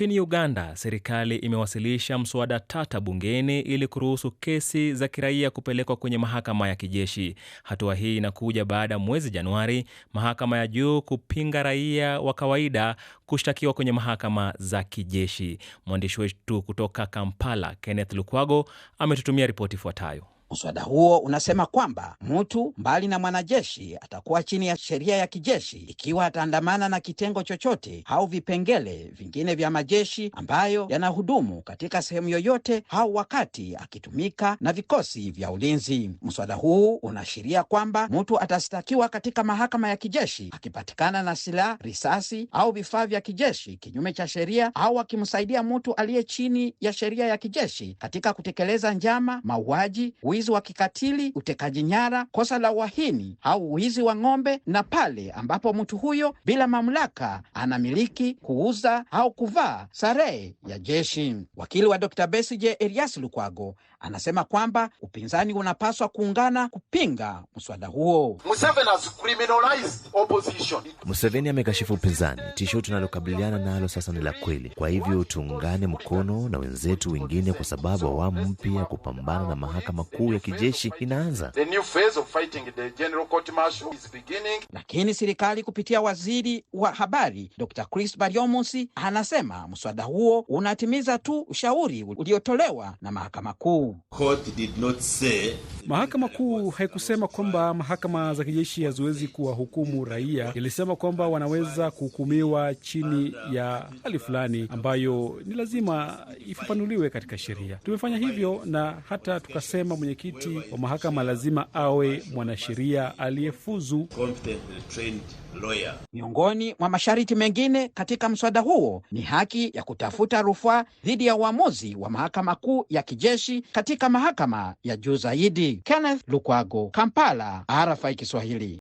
Nchini Uganda, serikali imewasilisha mswada tata bungeni ili kuruhusu kesi za kiraia kupelekwa kwenye mahakama ya kijeshi. Hatua hii inakuja baada ya mwezi Januari mahakama ya juu kupinga raia wa kawaida kushtakiwa kwenye mahakama za kijeshi. Mwandishi wetu kutoka Kampala, Kenneth Lukwago, ametutumia ripoti ifuatayo. Mswada huo unasema kwamba mtu mbali na mwanajeshi atakuwa chini ya sheria ya kijeshi ikiwa ataandamana na kitengo chochote au vipengele vingine vya majeshi ambayo yanahudumu katika sehemu yoyote au wakati akitumika na vikosi vya ulinzi. Mswada huu unaashiria kwamba mtu atastakiwa katika mahakama ya kijeshi akipatikana na silaha, risasi au vifaa vya kijeshi kinyume cha sheria au akimsaidia mtu aliye chini ya sheria ya kijeshi katika kutekeleza njama, mauaji, wizi wa kikatili, utekaji nyara, kosa la uhaini au wizi wa ng'ombe, na pale ambapo mtu huyo bila mamlaka anamiliki, kuuza au kuvaa sare ya jeshi. Wakili wa Dr. Besigye Erias Lukwago anasema kwamba upinzani unapaswa kuungana kupinga mswada huo. Museveni amekashifu upinzani. Tisho tunalokabiliana nalo sasa ni la kweli, kwa hivyo tuungane mkono na wenzetu wengine, kwa sababu awamu mpya kupambana na mahakama kuu kuu ya kijeshi inaanza. Lakini serikali kupitia waziri wa habari Dr. Chris Baryomusi anasema mswada huo unatimiza tu ushauri uliotolewa na mahakama kuu. Mahakama kuu haikusema kwamba mahakama za kijeshi haziwezi kuwahukumu raia, ilisema kwamba wanaweza kuhukumiwa chini ya hali fulani ambayo ni lazima ifafanuliwe katika sheria. Tumefanya hivyo na hata tukasema mwenye mwenyekiti wa mahakama lazima awe mwanasheria aliyefuzu. Miongoni mwa masharti mengine katika mswada huo ni haki ya kutafuta rufaa dhidi ya uamuzi wa mahakama kuu ya kijeshi katika mahakama ya juu zaidi. Kenneth Lukwago, Kampala, RFI Kiswahili.